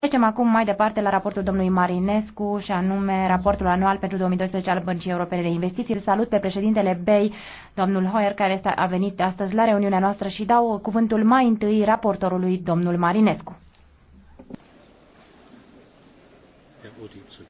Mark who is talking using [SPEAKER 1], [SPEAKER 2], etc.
[SPEAKER 1] Trecem acum mai departe la raportul domnului Marinescu și anume raportul anual pentru 2012 al Băncii Europene de Investiții. Îl salut pe președintele BEI, domnul Hoyer, care a venit astăzi la reuniunea noastră și dau cuvântul mai întâi raportorului domnul Marinescu.